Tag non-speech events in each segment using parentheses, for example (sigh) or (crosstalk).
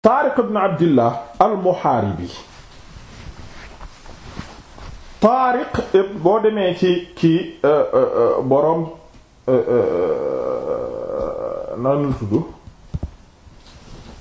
Taariq ibn Abdillah al-Muhaaribi Taariq boo demee ci ci euh, euh, euh, boroom nan la tudd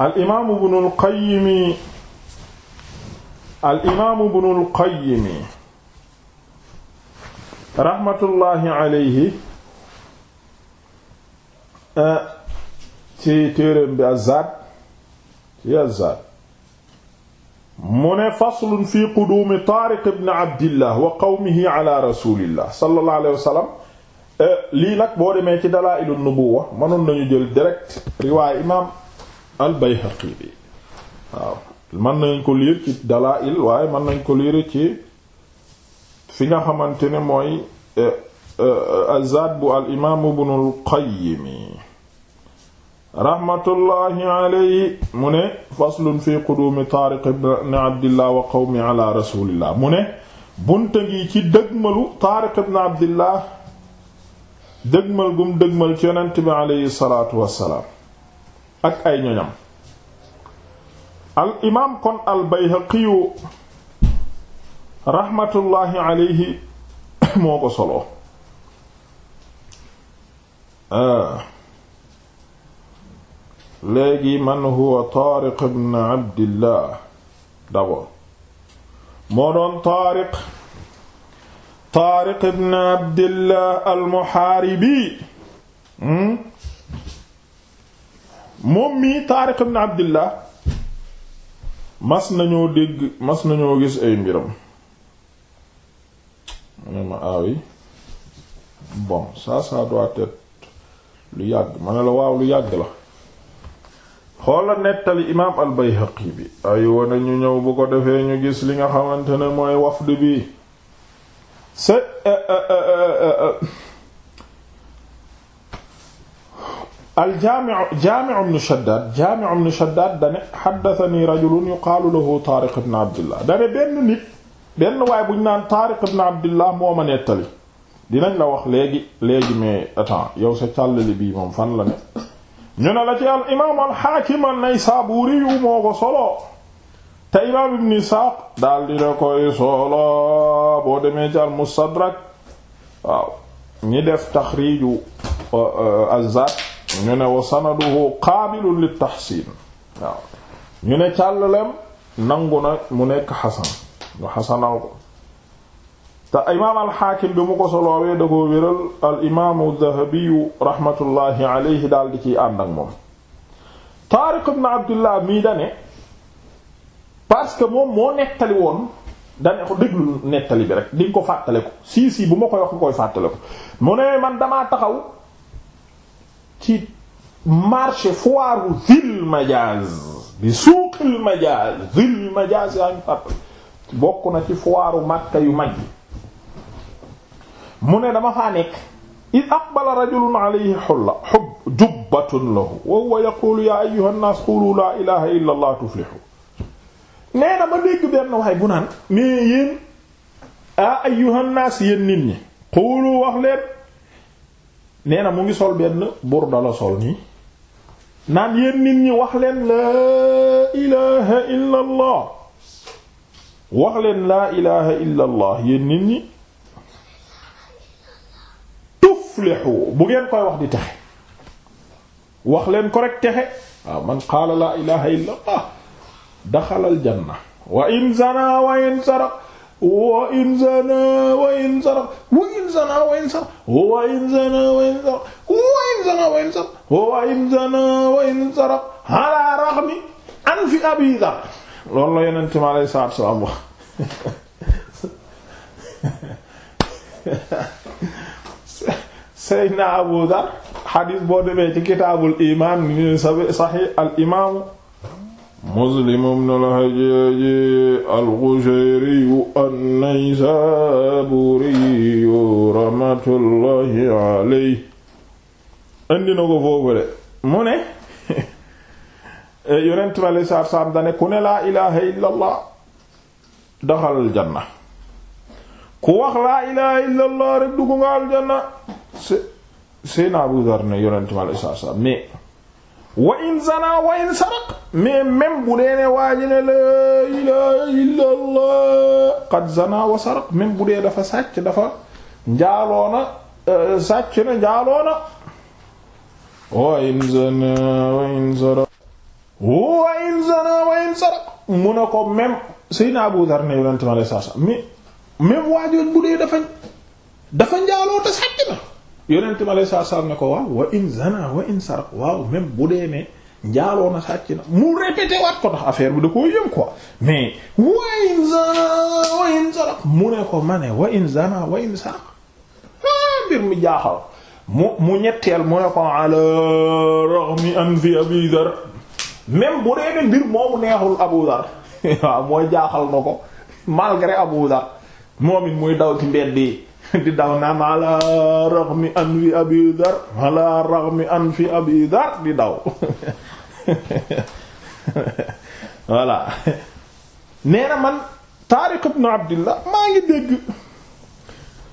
al-imaam Ibn al-Qayyim al-imaam Ibn al-Qayyim raxmatullaahi alayhi ci téereem bi Az-Zaad yazar mu ne faslun fi quduumi taariq ibn abdillah wa qawmihi ala rasulillah sallallahu alayhi wa sallam eh, lii nag boo demee ci dalaa'ilu nubuwa mënoon nañu jël direct riwaay imaam al bayhaqi bi waaw mën nañ ko liir ci dalaa'il waaye mën nañ ko liir ci fi nga xamante ne mooy eh, eh, azad bu al imaam ibn al qayyim raxmatullahi alayhi mu ne faslun fi quduumi taariq ibn abdillah wa qawmi rasulillah mu ne bunta ngi ci dëgmalu taariq ibn abdillah dëgmal gum dëgmal ci yonent bi alayhi salaatu wassalaam ak ay ñoñam al imaam kon al bayhaqiyu raxmatullahi moo ko solo ah. léegi man huwa taariq ibn abdillah d'abord moo doon taariq taariq ibn abdillah almuhaaribi hmm? moom taariq ibn abdillah mas nañoo dégg mas nañoo gis ay mbiram mu ma aawi ah bon ça ça doit lu yàgg ma la waaw lu yàgg la xoola nettali imaam al bi ay wane ñu ñëw bu ko defee ñu gis li nga xamante ne mooy wafd bi se eh, eh, eh, al-Jaami' Jaami' ibn Shaddaad Jaami' dane haddathanii rajulun yuqaalu lahu Taariq ibn Abdillah dane benn waay bu ñu naan Taariq ibn Abdillah moo ma nettali dinañ la wax léegi léegi mais attends yow sa càllali bii moom fan la ne ñu ne la ci al imaam al xaakim an-Naysaabuuri yu moo ko solo te ibn Isaaq daal di la koy solo boo demee ci al Mustadrak waaw ñi def taxriiju euh, azzaat ñu ne wa sanaduhu qaabilun li taxsiin ñu ne càllalem nangu na mu nekk xasan ñu xasanal ko te imaam alxaakim bi mu ko soloowee da koo wéral al imaamu dahabiyu rahmatullahi daal di ciy ànd ak moom taariq ibn abdullah mii dane parce que moom moo nettali woon dane ko déglu nettali bi rek di ko fàttale ko sii sii bu ma ko wax nga koy fàttale ko mu man damaa taxaw ci marché foire zil majaaz bi suuqil majaaz zil majaaz yaa ngi fàttali na ci foire Makka yu mag mu ne dama faa nekk id aqbala rajulun alayhi xulla xub jubbatun wa huwa ya ayyuha nnaas qulu laa ilaha illa allah tuflihu nee ma dégg benn waay bu naan mais yéen a ayyuha nnaas yéen nit ñi qulu wax leen mu ngi sol benn burda la sol nii naan yéen nit ñi wax leen laa illa allah wax leen laa illa allah yéen nit ñi tuflihu bu ngeen koy wax di texe wax leen ko rek texe waaw man qaala laa ilaha illa allah daxala al janna wa in zana wa in saraq wa in zana wa in saraq wa in zana wa in saraq wa in zana wa in saraq wa in zana wa in saraq wa in zana wa in saraq ala raghmi an fi abi dhar loolu la yonent mi alayhi salaatu wa salaam wax Seydina Abu Dhar xadiis boo demee ci kitaabul imaan ni ñu saxiix al imaamu al-Hajjaj al rahmatullahi alayhi indi na ko foofu de mu ne (laughs) yonent bi alayhi salaatu salaam dane ku janna ku wax laa ilaaha illallah rek dugg nga aljanna Seyna Abu Dhar ne yonent mi alayhi salaatu wa in zana wa in saraq mais même bu dee ne waa laa ilaaha illallah qad zana wa saraq même bu dee dafa sàcc dafa njaaloona euh, sàcc na njaaloona wa in zana wa in saraq wa in zana wa in saraq mu ko même Seyna Abu Dhar ne yonent mi alayhi salaatu salaam bu dee dafa dafa njaaloo te na yonent ma lay saa bu dee ne njaaloo na na mu répété waat ko tax affaire bi da koo yëm quoi wa in wa in sarq mu ne ko ma wa in zana wa in sarq ah, jaaxal mu mu ñetteel mu ne ko dar même bu dee ne mbir abu dar (laughs) waaw mooy jaaxal ko malgré abu dar moom it muy daw ci mbedd yi (laughs) di daw naan ala raghmi an fi abi dhar ala raghmi an fi abi dhar di daw (laughs) voilà nee na man Tariq ibn maa ngi dégg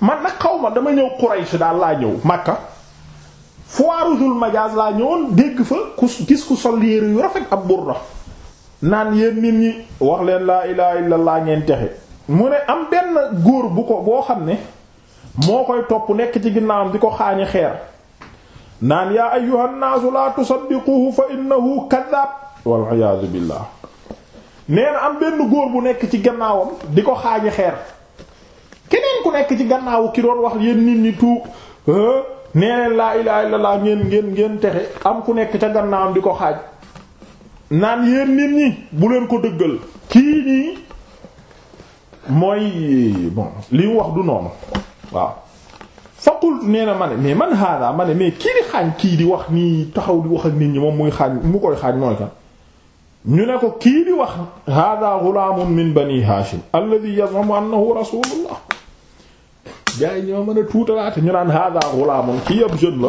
man nag xaw ma dama ñëw Quraysh daal laa ñëw Makka foire Zul Majaz laa ñëwoon dégg fa ku gis ku sol yére yu rafet ab burda naan yéen ñi wax leen laa ilaha illallah ngeen texe mu ne am benn góor bu ko boo xam ne moo koy topp nekk ci ginnaawam di ko xaañi xeer naan yaa ayyuhan naasu laa tusaddiquhu fa innahu kaddaab wal iyaadu billaah nee am benn góor bu nekk ci gannaawam di ko xaañi xeer keneen ku nekk ci gannaawu ki doon wax yéen nit ñi tuub nee leen laa ilaaha illallaah ngeen ngeen ngeen texe am ku nekk ca gannaawam di ko xaaj naan yéen nit ñi bu leen ko dëggal kii nii mooy li mu wax du noonu waaw faqultu nee na ma mais man hada ma mais kii di xaañ kii di wax nii taxaw di wax ak nit ñi moom muy xaañ mu koy xaañ mooy kan ñu ne ko kii di wax hada ghulamun min bani hashim alladhi yaz'umu annahu tuutalaate ñu naan hada ghulamun kii ab jeune la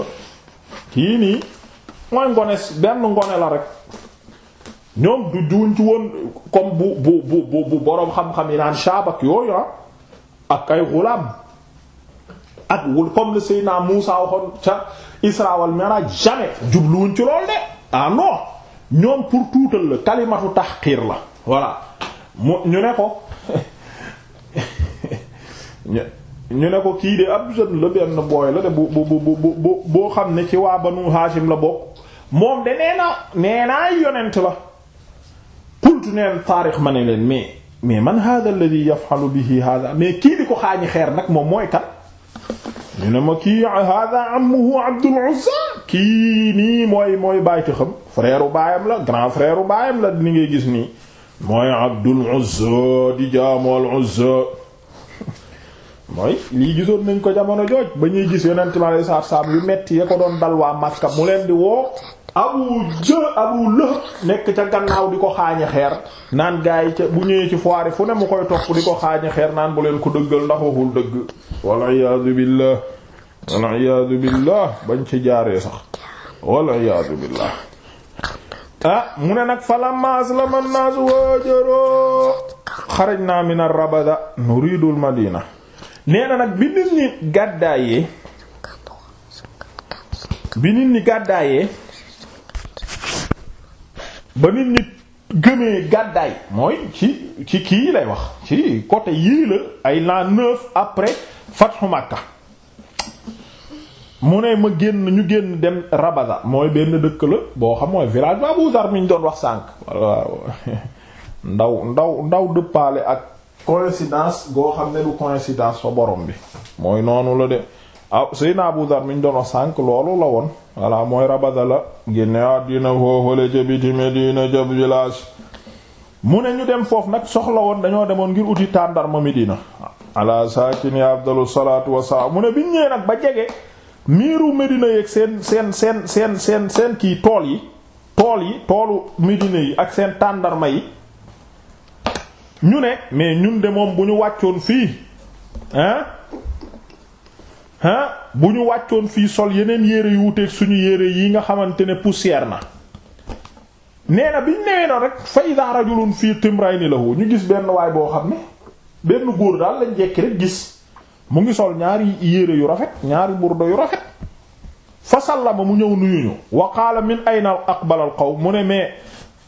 kii nii mooy ngone benn ngone la rek ñoom du juuñ ci woon comme bu bu bu bu boroom xam-xam yi naan shaabak yooyu ah, ak ay ghulaam ak kom comme le Seydina Muusa waxoon ca Isra wal Mi'raj jamais jubluwuñ ci lool de ah non ñoom pour tuutal la kalimatu tahqir la voilà ñu ne ko (laughs) ñu ne ko kii de ab jeune la benn booy la de bu bu bu boo xam ne ci waa Banu Haashim la bokk moom de nee na nee yonent la qultu neen taarix ma ne leen mais mais man hada alladhi yaf'alu bihi hada mais kii ko xaañi xeer nag moom mooy kat ñu ne ma kii hada ammuhu Abdul Uzza kii nii mooy mooy bàyyi xam frère baayam la grand frère u baayam la ni ngay gis nii mooy Abdul Uzza di jaamu al Uzza mooy lii gisoon nañ ko jamono jooj ba ñuy gis yonent mi alayhi salaatu salaam yu metti ya ko doon dal waa Makka mu leen di woo Abu Jë Abu Lahab nekk ca gannaaw di ko xaañi xeer naan gaa yi bu ñëwee ci foire fu ne mu koy topp di ko xaañi xeer naan bu leen ko dëggal ndax waxul dëgg wal iyaadu billah wal iyaadu billah bañ ci jaaree sax wal iyaadu billah ah mu ne nag falamma aslama an-naas waajaro xarajna min ar-rabada nuridu madina nee na nag bi nit ñi gàddaayee bi nit ñi gàddaayee ba nit ñi gëmee gàddaay mooy ci ci kii lay wax ci côté yii la ay l'an neuf après fathu Makka mu ne ma génn ñu génn dem Rabada mooy benn dëkk la boo xam mooy village ba Abu mi ñu doon wax sànq. (laughs) ndaw ndaw ndaw dëppaale ak coïncidence boo xam ne du coïncidence fa borom bi mooy noonu la de ah Seydina Abu mi ñu doon wax sànq loolu la woon voilà mooy Rabada la génne àddina foofale ca biti Medina ca village mu ne ñu dem foofu nag soxla woon dañoo demoon ngir uti tàndarma Medina ala saakini abdalu salaatu wassalaam mu ne biñ ñëwee nag miiru Medina yeeg seen seen seen seen seen seen kii tool yi tool yi toolu Medina yi ak seen tàndarma yi ñu ne mais ñun de moom bu ñu wàccoon fii hein hein bu ñu wàccoon fii sol yeneen yére yu wuteeg suñu yére yi nga xamante ne poussière na nee na biñ newee na rek fa ida rajulun fii timrayni lahu ñu gis benn waay boo xam ne benn góor daal lañ jekki rek gis mu ngi sol ñaari yére yu rafet ñaari burdo yu rafet fa sallama mu ñëw nuyu ñu wa qaala min ayna aqbal xaw mu ne mais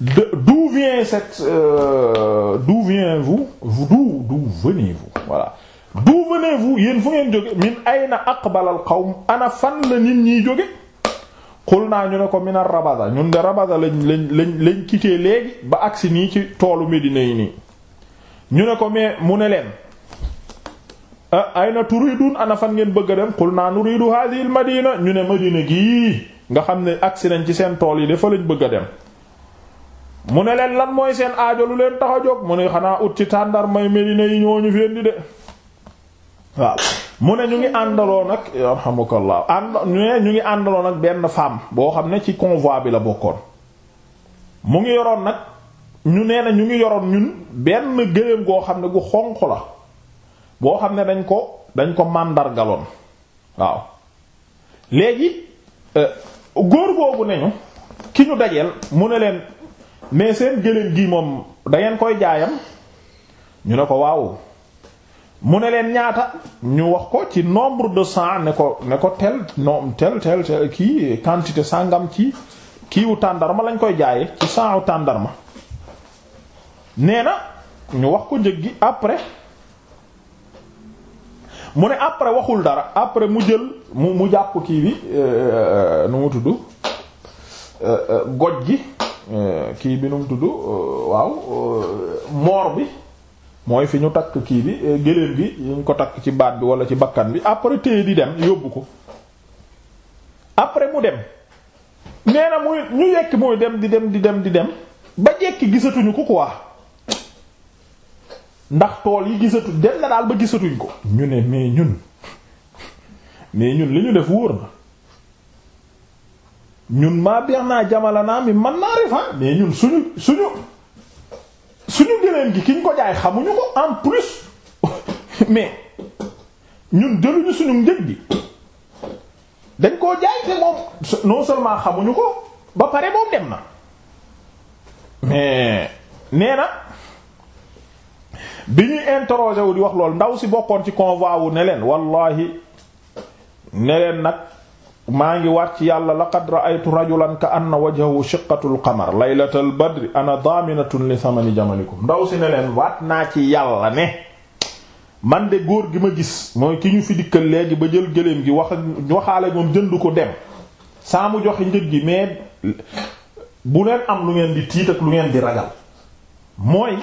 d'où vient cette euh, d'où vient vous d'où d'où du vous voilà d'où venez-vous yéen fu ngeen jóge min ayna aqbal al qawm ana fan la nit ñiy jóge xul naa ñu ne ko min rabada ñun de rabada lañ lañ lañ lañ quitté léegi ba agsi nii ci toolu Médina yi nii ñu ne ko mais mu ne leen Ah, na turidun ana fan ngeen bëgg a dem qul naa nuridu hadhihi al madina ñu ne madina gii nga xam ne agsi nañ ci seen tool yi dafa lañ bëgg a dem mu ne leen lan mooy seen aajo lu leen tax a jóg mu ne xanaa ut ci tàndar may medina yi ñoo ñu fendi de waaw mu ne ñu ngi àndaloo nag yarhamukallah ànd ñu ne ñu ngi àndaloo nag benn femme boo xam ne ci convoi bi la bokkoon mu ngi yoroon nag ñu nee na ñu ngi yoroon ñun benn gëléem goo xam ne gu xonq la boo xam ne dañ ko dañ ko màndargaloon waaw léegi euh, góor boobu nañu ki ñu dajeel mu ne leen mais seen gëléem gi moom dangeen koy jaayam ñu ne ko waaw mu ne leen ñaata ñu wax ko ci nombre de cent ne ko ne ko tel nom tel tel kii quantité sangam ci kiiwu tàndarma lañ koy jaayee ci cent tàndarma nee na ñu wax ko njëg gi après mu ne après waxul dara après mu jël mu mu jàpp kii bi euh, euh, nu mu tudd euh, goj gi kii bi nu mu tudd waaw moor bi mooy fi ñu takk kii bi gëléem gi ñu ko takk ci baat bi wala ci bakkan bi après téye di dem yóbbu ko après mu dem nee na muy ñu yekk muy dem di dem di dem di dem ba jekki gisatuñu ko quoi ndax tool yi gisatu dem na daal ba gisatuñ ko ñu ne mais ñun mais ñun li ñu def wóor na ñun maa beex naa jamala naa mi man naa refan ah. mais ñun suñu suñu suñu gëléem gi ki ñu ko jaay xamuñu ko en plus (laughs) mais ñun jëluñu suñu njëg gi dañ koo jaay te moom non seulement xamuñu ko ba pare moom dem na mais nee na bi ñuy interroger wu di wax loolu ndaw si bokkoon ci convoi wu ne leen wallahi ne leen nag maa ngi waat ci yàlla laqad ra'aytu rajulan ka anna wajhahu shiqqatul qamar laylatal badri ana daminatun li samani jamalikum ndaw si ne leen waat naa ci yàlla ne man de góor gi ma gis mooy ki ñu fi dikkal léegi ba jël gëléem gi wax waxaale moom jëndu ko dem saa mu joxe njëg gi mais bu leen am lu ngeen di tiit ak lu ngeen di ragal mooy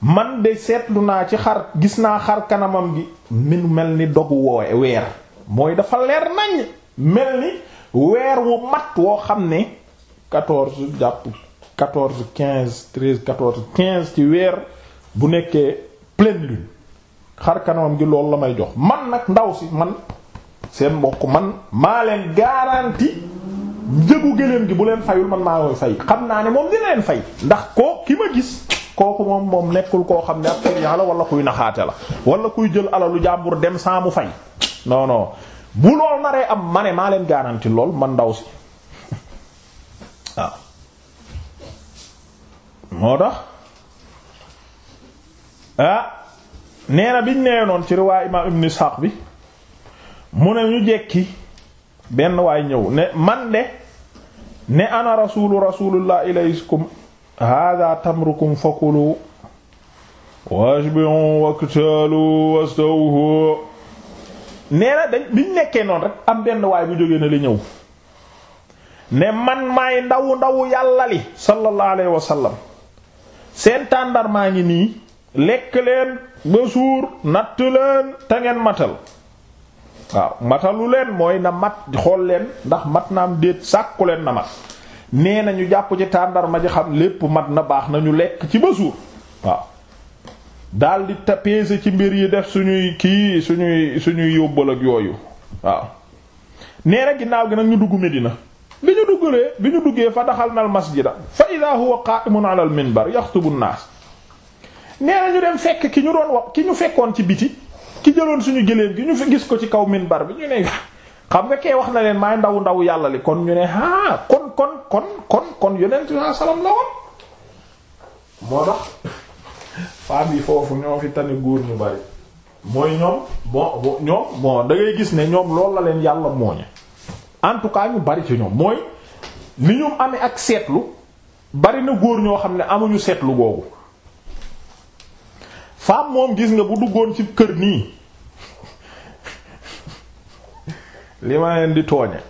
man de seetlu naa ci xar gis naa xar kanamam gi min mel ni dogu woowe weer mooy dafa leer nañ mel ni weer wu mat woo xam ne quatorze jàpp quatorze quinze treize quatorze quinze ci weer bu nekkee pleine lune xar kanamam gi loolu la may jox man nag ndaw si man seen mbokk man maa leen garantie njëgu gëléem gi bu leen fayul man maa koy fay xam naa ne moom dina leen fay ndax ko ki ma gis kooku moom moom nekkul koo xam ne ab tërian la wala kuy naxaate la wala kuy jël alalu jàmbur dem saa mu fay non non bu lool naree am ma ne maa leen garanti lool man ndaw si (laughs) waaw moo tax ah nee na biñ nee noon ci riwaay imaam ibn bi mu ne ñu jekki benn waay ñëw ne man de ne ana rasulu rasulullah ilaykum hada tamrukum fakulu washbi'u waktalu wastawhu nee na biñ nekkee noonu rek am benn waay bu jógee na li ñëw ne man maay ndaw ndaw yàlla li sallallahu alayhi wa sallam seen tàndar maa ngi nii lekk leen ba suur leen te matal waaw matalu leen mooy na mat xool leen ndax mat naam déet sàkku leen na mat nee na ñu jàpp ci tàndarma ji xam lépp mat na baax na ñu lekk ci ba suur waaw daal di tapéese ci mbir yi def suñuy kii suñuy suñuy yóbbal ak yooyu waaw nee na ginnaaw gi nag ñu dugg mi bi ñu bi ñu duggee fa daxal na al masjida fa idaa huwa qa'imun ala al minbar yaxtubu an-naas nee na ñu dem fekk ki ñu doon wax ki ñu fekkoon ci biti ki jëloon suñu gëléem gi ñu fi gis ko ci kaw minbar bi ñu ne xam nga kay wax na leen maay ndawu ndawu yàlla li kon ñu ne ah kon kon kon kon kon yonent bi salaam la woon moo tax femme yi foofu ñoo fi tane góor ñu bari mooy ñoom bon ñoom bon da gis ne ñoom lool la leen yàlla mooñe en tout cas ñu bari ci ñoom mooy li ñu amee ak seetlu bari na góor ñoo xam ne amuñu seetlu googu femme moom gis nga bu duggoon ci kër nii. li ma leen di tooñe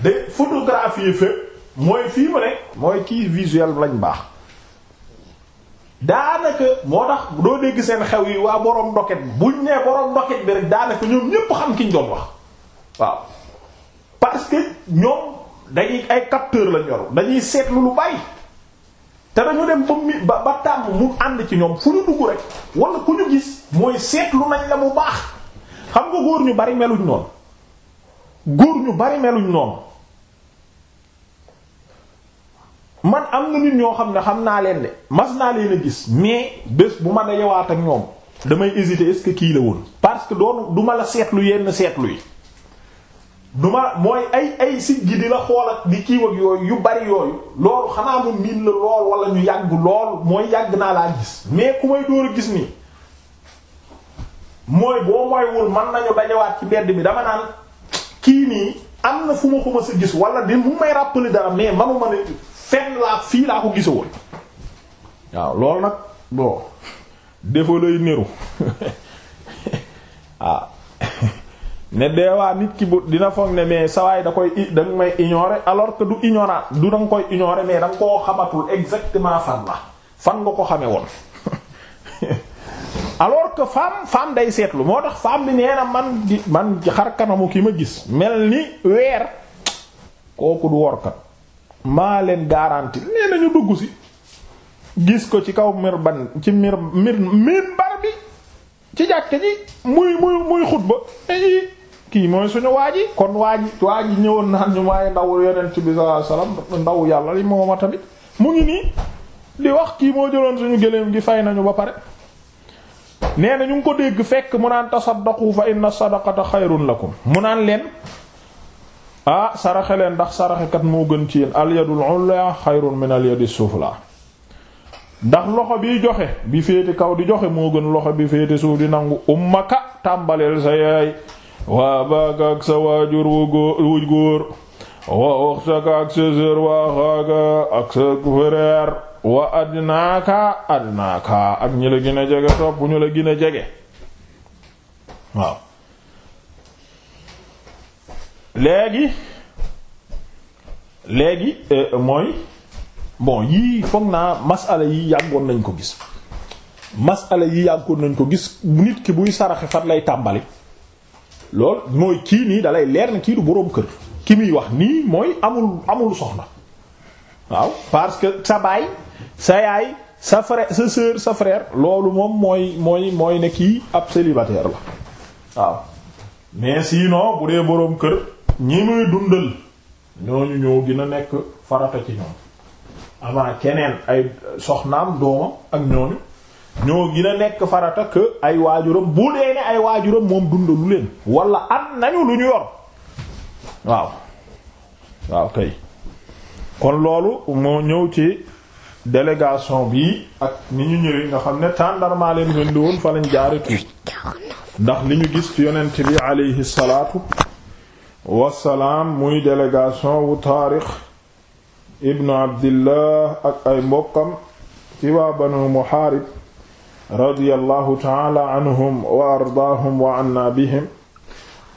de photographie fépp mooy fii mu ne mooy kii visuel lañ baax daanaka moo tax doo dégg seen xew yi waa borom doket buñ nee borom doket bi rek daanaka ñoom ñépp xam ki ñu doon wax waaw parce que ñoom dañuy ay capteur la yor dañuy seetlu lu bari te dañu dem ba mi ba ba mu ànd ci ñoom fu ñu dugg rek wala ku ñu gis mooy seetlu nañ la bu baax xam nga góor ñu bari meluñ noonu. góor ñu bari meluñ noonu man am na nit ñoo xam ne xam naa leen de mas naa leen a gis mais bés bu ma dajawaat ak ñoom damay hésiter est kii la woon parce que doon duma la seetlu yenn seetlu yi du ma mooy ay ay siggi di la xool ak di kii yooyu yu bari yooyu loolu xanaa mu miin la lool wala ñu yàgg lool mooy yàgg naa laa gis mais ku may door a gis nii mooy boo mooywul mën nañu dajawaat ci mbedd bi dama naan kii nii am na fu ma ko mës a gis wala di mu may rappeler dara mais manuma ne fenn laa fii laa ko gisawoon waaw loolu nag bon defoo lay niru waaw (laughs) ah. (laughs) ne deewaa nit ki bu dina foog ne mais sawaay da koy da nga may ignorer alors que du ignorant du da koy ignorer mais da koo xamatul exactement fan la fan nga ko xamee woon alors que femme femme day seetlu moo tax femme bi nee na man di man xar kanamu ki ma gis mel ni weer kooku du workat maa leen garanti nee na dugg si gis ko ci kaw mir ban ci mir mir min bar bi ci jàkk ji muy muy muy xutba kii mooy suñu waa ji kon waa ji yi ñëwoon naan ñu waaye ndaw yonent bi sallallahu alayhi ndaw yàlla li mooma tamit mu ngi nii di wax kii moo jëloon suñu gëléem gi fay nañu ba pare nee na ñu ngi ko dégg fekk munaan naan tasaddaqu fa inna sadaqata xayrun lakum mu leen ah saraxe leen ndax saraxekat moo gën ci yéen al yadul ulya xayrun min al yadi sufla ndax loxo bi joxe bi féete kaw di joxe moo gën loxo bi féete suuf di nangu ummaka tàmbaleel sa yaay waa baaka ak sa waajur wu góor wa uxtaka ak sa sœur waa xaaka ak sa frère wa adnaaka adnaaka ak ñi la gën a jege topp ñu la gin a jege waaw léegi léegi euh, mooy bon yii foog naa masala yi yàggoon nañ ko gis masala yi yàggoon nañ ko gis nit ki buy saraxe fan lay tàmbali loolu mooy kii nii dalay leer na kii du boroom kër ki muy wax nii mooy amul amul soxna waaw parce que sa baay sa yaay sa frère sa sœur sa frère loolu moom mooy mooy mooy ne kii ab célibataire la waaw mais sinon bu dee boroom kër ñi muy dundal ñooñu ñoo gën a nekk farata ci ñoom avant keneen ay soxnaam doomam ak ñooñu ñoo gin a nekk farata que ay waajuram bu dee ay waajuram moom dundalu leen wala am nañu lu ñu yor waaw waaw kay kon loolu moo ñëw ci délégation bi ak ni ñu ñëwee nga xam ne tàndarmaa leen gën di woon fa lañ jaare tuuti ndax li ñu gis ci yonent bi aleyhi salaatu wasalaam muy délégation wu taarix ibnu abdillah ak ay mbokkam ci waa banu muhaarib radiyallahu taala anhum wa ardaahum wa anna bihim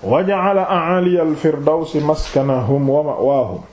wa ja'ala a'ali al-firdawsi maskanahum wa ma'waahum